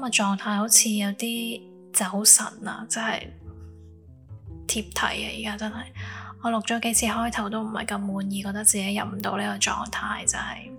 今日狀態好似有啲走神啊，真係貼題啊！而家真係我錄咗幾次開頭都唔係咁滿意，覺得自己入唔到呢個狀態，就係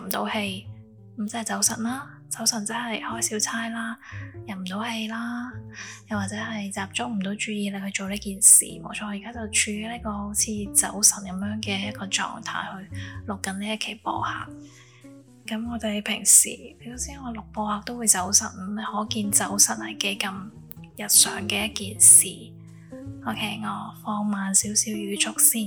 入唔到戲，咁即係走神啦，走神即係開小差啦，入唔到戲啦，又或者係集中唔到注意力去做呢件事，冇錯，我而家就處於呢個好似走神咁樣嘅一個狀態去錄緊呢一期播客。咁我哋平時，你頭先我錄播客都會走神，你可見走神係幾咁日常嘅一件事。OK，我放慢少少語速先。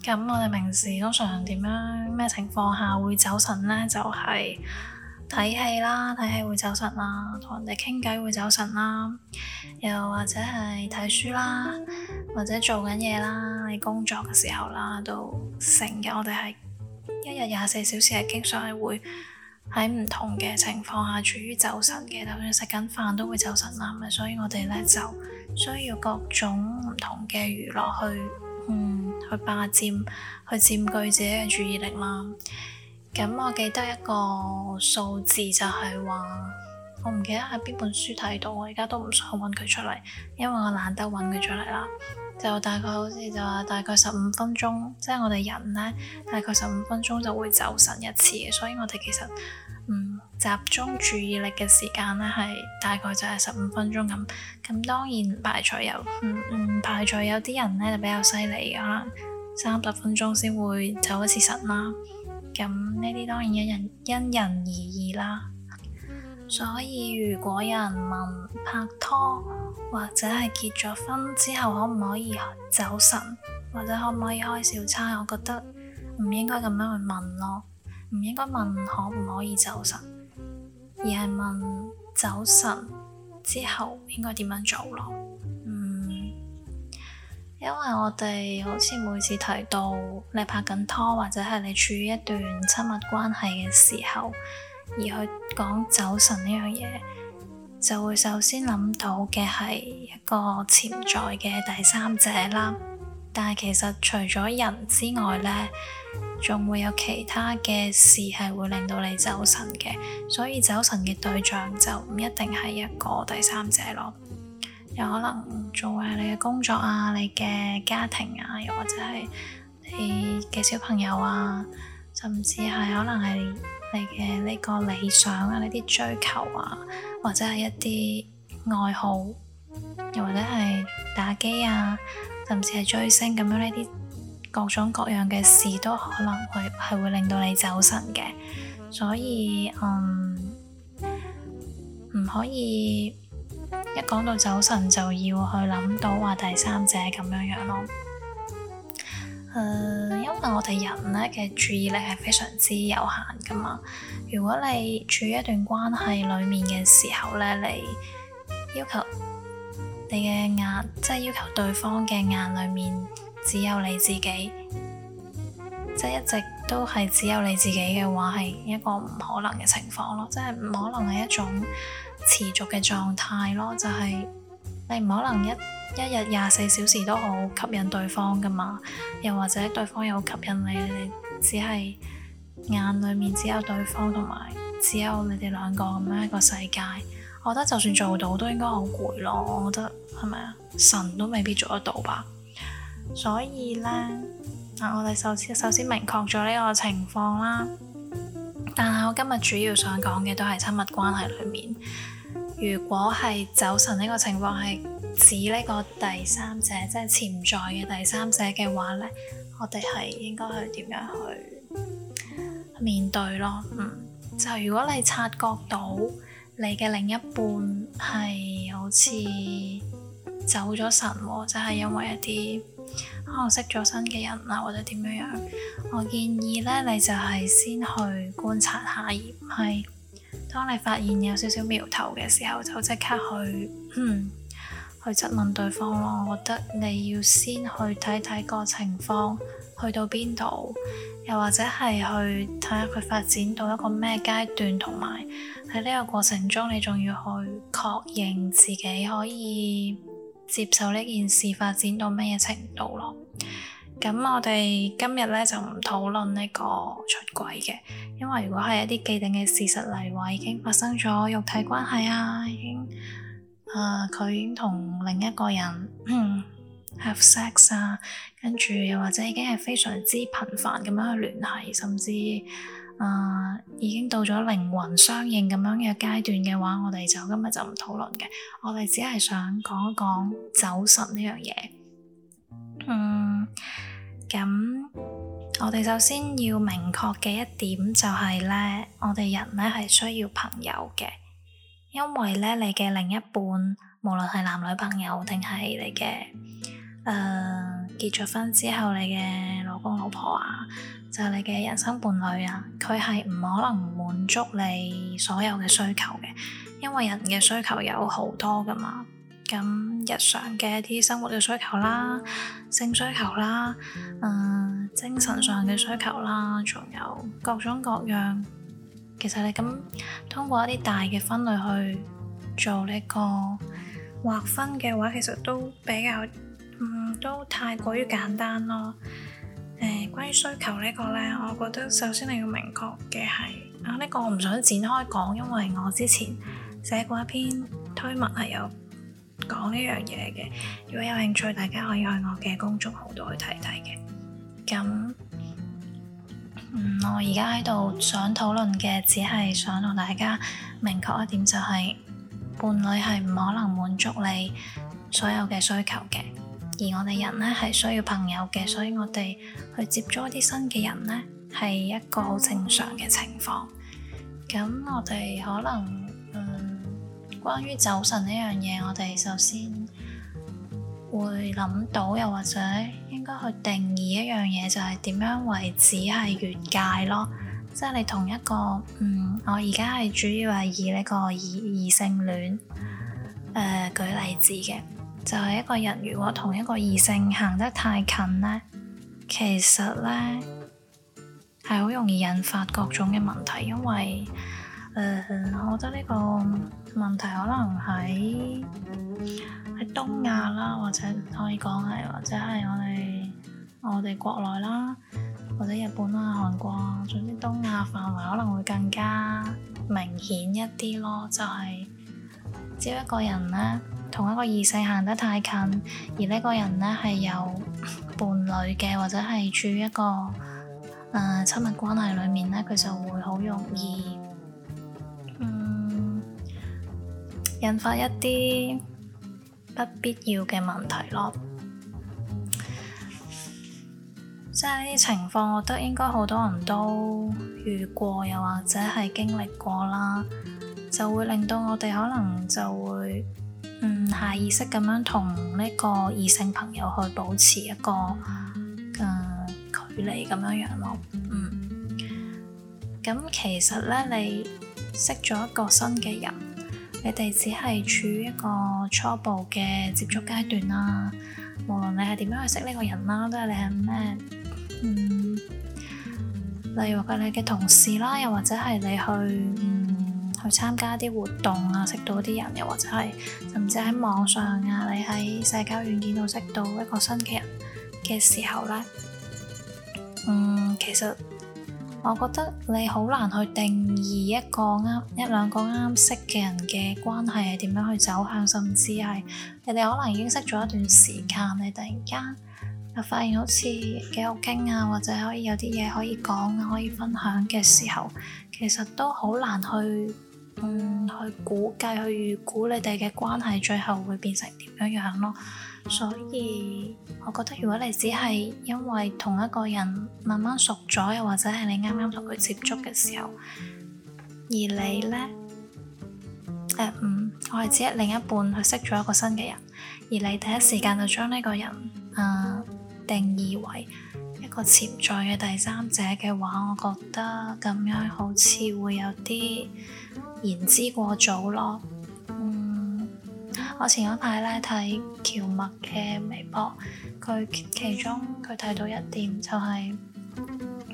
咁我哋平時通常點樣咩情況下會走神呢？就係、是、睇戲啦，睇戲會走神啦，同人哋傾偈會走神啦，又或者係睇書啦，或者做緊嘢啦，你工作嘅時候啦，都成日我哋係。一日廿四小時係經常係會喺唔同嘅情況下處於走神嘅，就算食緊飯都會走神啦。咪，所以我哋咧就需要各種唔同嘅娛樂去，嗯，去霸佔，去佔據自己嘅注意力啦。咁我記得一個數字就係話，我唔記得喺邊本書睇到，我而家都唔想搵佢出嚟，因為我懶得搵佢出嚟啦。就大概好似就話大概十五分鐘，即係我哋人咧，大概十五分鐘就會走神一次嘅，所以我哋其實嗯集中注意力嘅時間咧係大概就係十五分鐘咁咁。當然唔排除有嗯嗯排除有啲人咧就比較犀利，可能三十分鐘先會走一次神啦。咁呢啲當然因人因人而異啦。所以如果有人問拍拖或者係結咗婚之後可唔可以走神，或者可唔可以開小差，我覺得唔應該咁樣去問咯，唔應該問可唔可以走神，而係問走神之後應該點樣做咯。嗯，因為我哋好似每次提到你拍緊拖或者係你處於一段親密關係嘅時候。而去講走神呢樣嘢，就會首先諗到嘅係一個潛在嘅第三者啦。但係其實除咗人之外呢，仲會有其他嘅事係會令到你走神嘅，所以走神嘅對象就唔一定係一個第三者咯。有可能仲會係你嘅工作啊、你嘅家庭啊，又或者係你嘅小朋友啊，甚至係可能係你嘅呢個理想啊，呢啲追求啊，或者係一啲愛好，又或者係打機啊，甚至係追星咁樣呢啲各種各樣嘅事，都可能會係會令到你走神嘅，所以嗯，唔可以一講到走神就要去諗到話第三者咁樣樣咯。誒，uh, 因為我哋人咧嘅注意力係非常之有限噶嘛，如果你處於一段關係裏面嘅時候咧，你要求你嘅眼，即係要求對方嘅眼裏面只有你自己，即係一直都係只有你自己嘅話，係一個唔可能嘅情況咯，即係唔可能係一種持續嘅狀態咯，就係。你唔可能一一日廿四小時都好吸引對方噶嘛？又或者對方又好吸引你，你只係眼裏面只有對方同埋只有你哋兩個咁樣一個世界。我覺得就算做到都應該好攰咯。我覺得係咪啊？神都未必做得到吧。所以咧，嗱，我哋首先首先明確咗呢個情況啦。但係我今日主要想講嘅都係親密關係裏面。如果係走神呢個情況係指呢個第三者，即係潛在嘅第三者嘅話咧，我哋係應該去點樣去面對咯？嗯，就如果你察覺到你嘅另一半係好似走咗神、哦，即係因為一啲可能識咗新嘅人啦，或者點樣樣，我建議咧你就係先去觀察下，而唔係。當你發現有少少苗頭嘅時候，就即刻去、嗯、去質問對方咯。我覺得你要先去睇睇個情況去到邊度，又或者係去睇下佢發展到一個咩階段，同埋喺呢個過程中，你仲要去確認自己可以接受呢件事發展到咩程度咯。咁我哋今日咧就唔討論呢個出軌嘅，因為如果係一啲既定嘅事實，例如話，已經發生咗肉體關係啊，已經誒佢、呃、已經同另一個人 have sex 啊，跟住又或者已經係非常之頻繁咁樣去聯繫，甚至誒、呃、已經到咗靈魂相應咁樣嘅階段嘅話，我哋就今日就唔討論嘅。我哋只係想講一講走神呢樣嘢，嗯。咁，我哋首先要明確嘅一點就係咧，我哋人咧係需要朋友嘅，因為咧你嘅另一半，無論係男女朋友定係你嘅，誒、呃、結咗婚之後你嘅老公老婆啊，就係、是、你嘅人生伴侶啊，佢係唔可能滿足你所有嘅需求嘅，因為人嘅需求有好多噶嘛。咁日常嘅一啲生活嘅需求啦，性需求啦，誒、嗯、精神上嘅需求啦，仲有各種各樣。其實你咁通過一啲大嘅分類去做呢、呢個劃分嘅話，其實都比較，嗯，都太過於簡單咯。誒、呃，關於需求個呢個咧，我覺得首先你要明確嘅係啊，呢、呢個我唔想展開講，因為我之前寫過一篇推文係有。講呢樣嘢嘅，如果有興趣，大家可以喺我嘅公眾號度去睇睇嘅。咁，嗯，我而家喺度想討論嘅，只係想同大家明確一點，就係，就係伴侶係唔可能滿足你所有嘅需求嘅，而我哋人呢係需要朋友嘅，所以我哋去接觸一啲新嘅人呢，係一個好正常嘅情況。咁我哋可能。關於走神呢樣嘢，我哋首先會諗到，又或者應該去定義一樣嘢，就係點樣為止係越界咯。即係你同一個，嗯，我而家係主要係以呢個異異性戀誒舉例子嘅，就係一個人如果同一個異性行得太近咧，其實咧係好容易引發各種嘅問題，因為，嗯，我覺得呢個。問題可能喺喺東亞啦，或者可以講係或者係我哋我哋國內啦，或者日本啊、韓國，總之東亞範圍可能會更加明顯一啲咯。就係只要一個人呢，同一個異性行得太近，而呢個人呢，係有伴侶嘅，或者係處於一個誒、呃、親密關係裡面呢，佢就會好容易，引發一啲不必要嘅問題咯，即係呢啲情況，我覺得應該好多人都遇過，又或者係經歷過啦，就會令到我哋可能就會嗯下意識咁樣同呢個異性朋友去保持一個嘅、呃、距離咁樣樣咯，嗯，咁其實咧，你識咗一個新嘅人。你哋只係處於一個初步嘅接觸階段啦，無論你係點樣去識呢個人啦，都係你係咩？嗯，例如話你嘅同事啦，又或者係你去、嗯、去參加啲活動啊，識到啲人，又或者係甚至喺網上啊，你喺社交軟件度識到一個新嘅人嘅時候咧，嗯，其實。我覺得你好難去定義一個一兩個啱識嘅人嘅關係係點樣去走向，甚至係你哋可能已經識咗一段時間，你突然間就發現好似幾好傾啊，或者可以有啲嘢可以講啊，可以分享嘅時候，其實都好難去。嗯，去估計、去預估你哋嘅關係最後會變成點樣樣咯。所以，我覺得如果你只係因為同一個人慢慢熟咗，又或者係你啱啱同佢接觸嘅時候，而你咧，誒、呃、嗯，我係指一另一半去識咗一個新嘅人，而你第一時間就將呢個人誒、呃、定義為。個潛在嘅第三者嘅話，我覺得咁樣好似會有啲言之過早咯。嗯，我前嗰排咧睇喬麥嘅微博，佢其中佢睇到一點就係，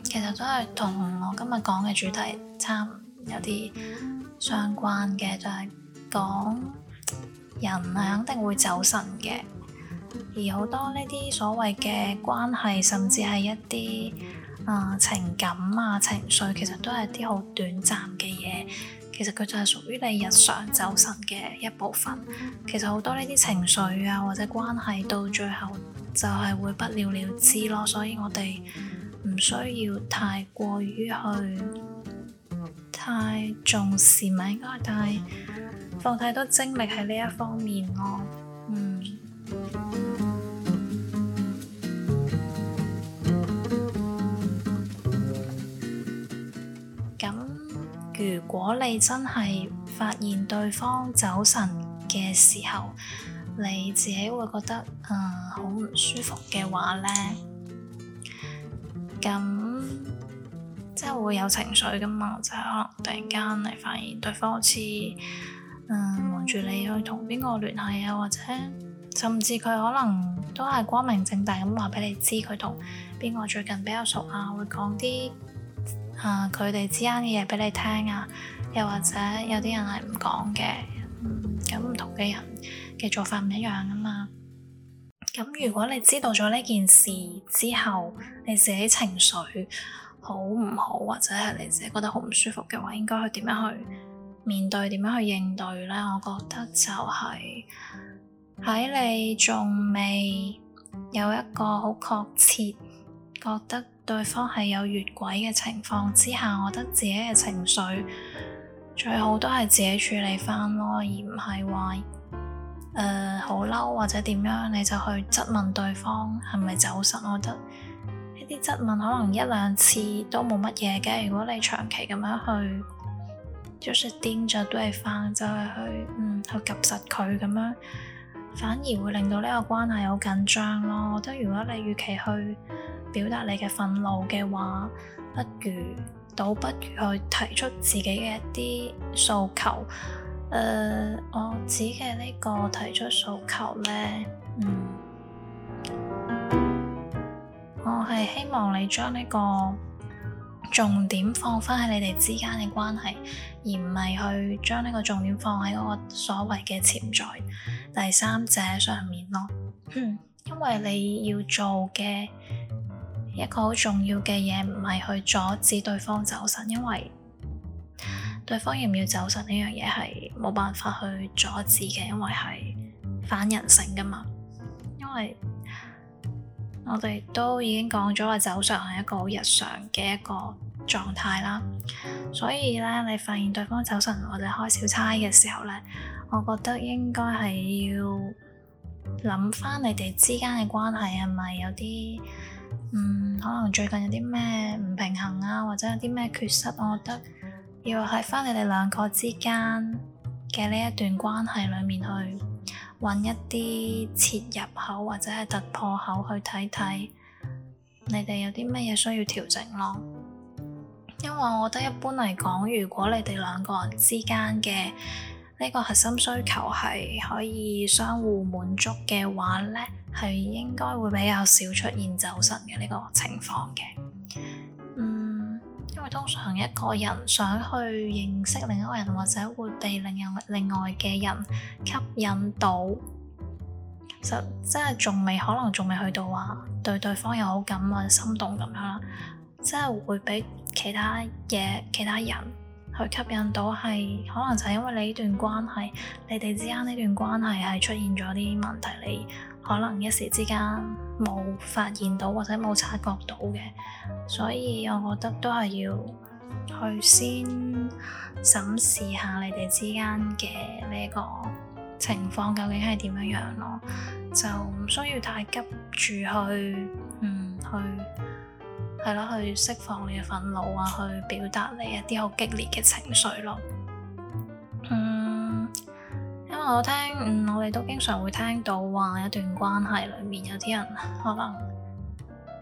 其實都係同我今日講嘅主題差唔多，有啲相關嘅，就係講人係肯定會走神嘅。而好多呢啲所謂嘅關係，甚至係一啲啊、呃、情感啊情緒，其實都係一啲好短暫嘅嘢。其實佢就係屬於你日常走神嘅一部分。其實好多呢啲情緒啊或者關係，到最後就係會不了了之咯。所以我哋唔需要太過於去太重視咪，應該帶放太多精力喺呢一方面咯。如果你真係發現對方走神嘅時候，你自己會覺得誒好唔舒服嘅話咧，咁即係會有情緒噶嘛？即係可能突然間你發現對方好似誒望住你去同邊個聯繫啊，或者甚至佢可能都係光明正大咁話俾你知佢同邊個最近比較熟啊，會講啲。啊！佢哋、嗯、之間嘅嘢俾你聽啊，又或者有啲人係唔講嘅，咁、嗯、唔同嘅人嘅做法唔一樣噶嘛。咁如果你知道咗呢件事之後，你自己情緒好唔好，或者係你自己覺得好唔舒服嘅話，應該去點樣去面對，點樣去應對咧？我覺得就係喺你仲未有，有一個好確切覺得對方係有越軌嘅情況之下，我覺得自己嘅情緒最好都係自己處理翻咯，而唔係話誒好嬲或者點樣你就去質問對方係咪走神？我覺得呢啲質問可能一兩次都冇乜嘢嘅，如果你長期咁樣去，就算癲咗都係翻，就係、是、去嗯去夾實佢咁樣。反而會令到呢個關係好緊張咯。我覺得如果你與其去表達你嘅憤怒嘅話，不如倒不如去提出自己嘅一啲訴求。誒、呃，我指嘅呢個提出訴求咧，嗯，我係希望你將呢、這個。重點放翻喺你哋之間嘅關係，而唔係去將呢個重點放喺嗰個所謂嘅潛在第三者上面咯。嗯，因為你要做嘅一個好重要嘅嘢，唔係去阻止對方走神，因為對方要唔要走神呢樣嘢係冇辦法去阻止嘅，因為係反人性噶嘛，因為。我哋都已經講咗話走神係一個好日常嘅一個狀態啦，所以呢，你發現對方走神，我哋開小差嘅時候呢，我覺得應該係要諗返你哋之間嘅關係係咪有啲嗯，可能最近有啲咩唔平衡啊，或者有啲咩缺失啊，我覺得要喺返你哋兩個之間嘅呢一段關係裡面去。揾一啲切入口或者係突破口去睇睇，你哋有啲乜嘢需要調整咯。因為我覺得一般嚟講，如果你哋兩個人之間嘅呢個核心需求係可以相互滿足嘅話咧，係應該會比較少出現走神嘅呢個情況嘅。通常一個人想去認識另一個人，或者會被另一另外嘅人吸引到，就即係仲未可能，仲未去到話對對方有好感或者心動咁樣啦。即係會俾其他嘢、其他人去吸引到，係可能就係因為你呢段關係，你哋之間呢段關係係出現咗啲問題，你。可能一時之間冇發現到或者冇察覺到嘅，所以我覺得都係要去先審視下你哋之間嘅呢個情況究竟係點樣樣咯，就唔需要太急住去，嗯，去係咯，去釋放你嘅憤怒啊，去表達你一啲好激烈嘅情緒咯。嗯。我聽，嗯，我哋都經常會聽到話一段關係裏面有啲人可能，誒、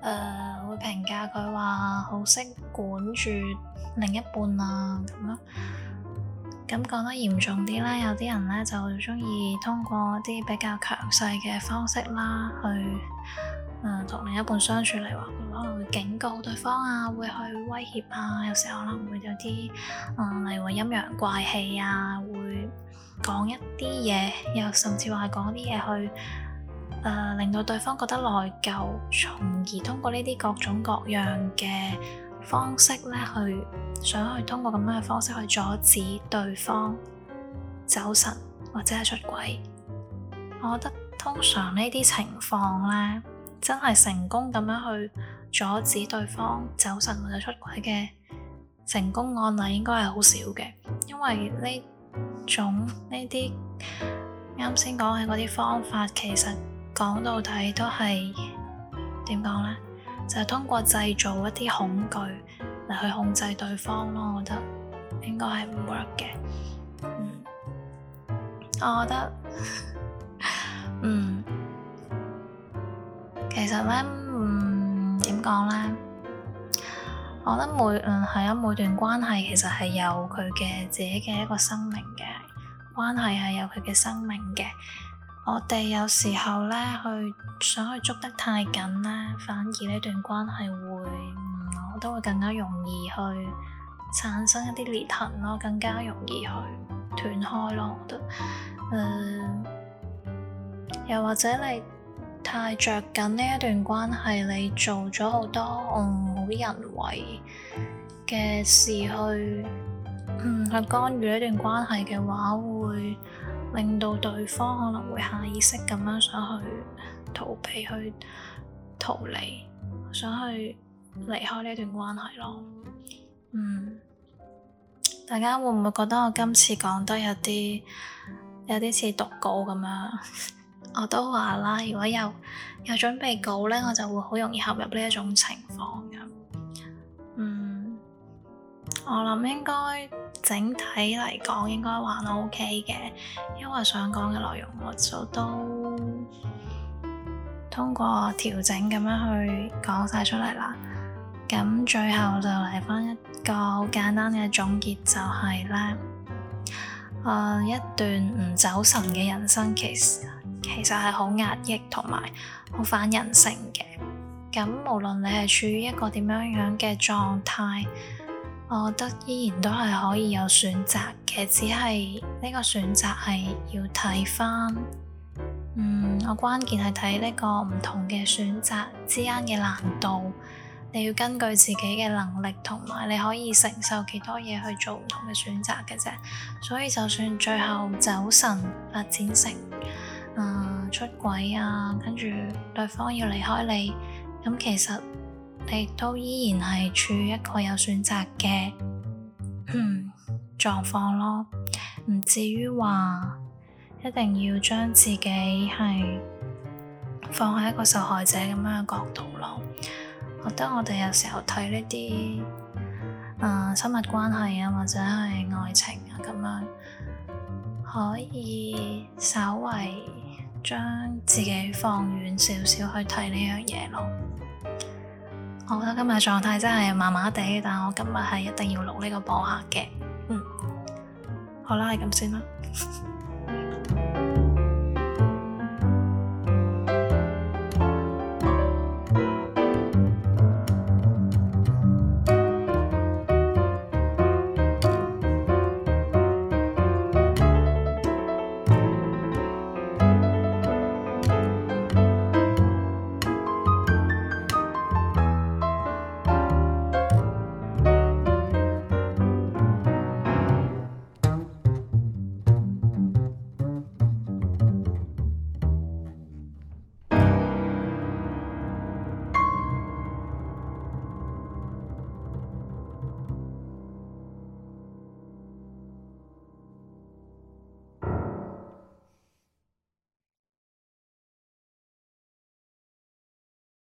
呃，會評價佢話好識管住另一半啊咁咯。咁講得嚴重啲咧，有啲人咧就中意通過啲比較強勢嘅方式啦，去誒同、呃、另一半相處嚟話，佢可能會警告對方啊，會去威脅啊，有時候可能會有啲，誒、嗯，例如話陰陽怪氣啊。講一啲嘢，又甚至話講啲嘢去、呃、令到對方覺得內疚，從而通過呢啲各種各樣嘅方式咧，去想去通過咁樣嘅方式去阻止對方走神或者係出軌。我覺得通常呢啲情況咧，真係成功咁樣去阻止對方走神或者出軌嘅成功案例，應該係好少嘅，因為呢。總呢啲啱先講嘅嗰啲方法，其實講到底都係點講咧？就係、是、通過製造一啲恐懼嚟，去控制對方咯。我覺得應該係唔 work 嘅。嗯，我覺得 嗯，其實咧，嗯，點講咧？我諗每，嗯係啊，每段關係其實係有佢嘅自己嘅一個生命嘅，關係係有佢嘅生命嘅。我哋有時候咧去想去捉得太緊咧，反而呢段關係會，嗯，我都會更加容易去產生一啲裂痕咯，更加容易去斷開咯。我覺得，誒、嗯，又或者你。太着緊呢一段關係，你做咗好多唔好、嗯、人為嘅事去，嗯去干預呢一段關係嘅話，會令到對方可能會下意識咁樣想去逃避、去逃離、想去離開呢段關係咯。嗯，大家會唔會覺得我今次講得有啲有啲似讀稿咁樣？我都話啦，如果有有準備稿咧，我就會好容易陷入呢一種情況嘅。嗯，我諗應該整體嚟講應該還 OK 嘅，因為我想講嘅內容我就都通過調整咁樣去講晒出嚟啦。咁最後就嚟返一個好簡單嘅總結，就係、是、咧，誒、呃、一段唔走神嘅人生其實。其實係好壓抑，同埋好反人性嘅。咁無論你係處於一個點樣樣嘅狀態，我覺得依然都係可以有選擇嘅。只係呢個選擇係要睇返，嗯，我關鍵係睇呢個唔同嘅選擇之間嘅難度。你要根據自己嘅能力，同埋你可以承受幾多嘢去做唔同嘅選擇嘅啫。所以就算最後走神，發展成～嗯，軌啊，出軌啊，跟住對方要離開你，咁其實你都依然係處於一個有選擇嘅狀況咯，唔至於話一定要將自己係放喺一個受害者咁樣嘅角度咯。我覺得我哋有時候睇呢啲誒親密關係啊，或者係愛情啊咁樣，可以稍為，將自己放遠少少去睇呢樣嘢咯。我覺得今日嘅狀態真係麻麻地，但我今日係一定要錄呢個播客嘅。嗯，好啦，係咁先啦。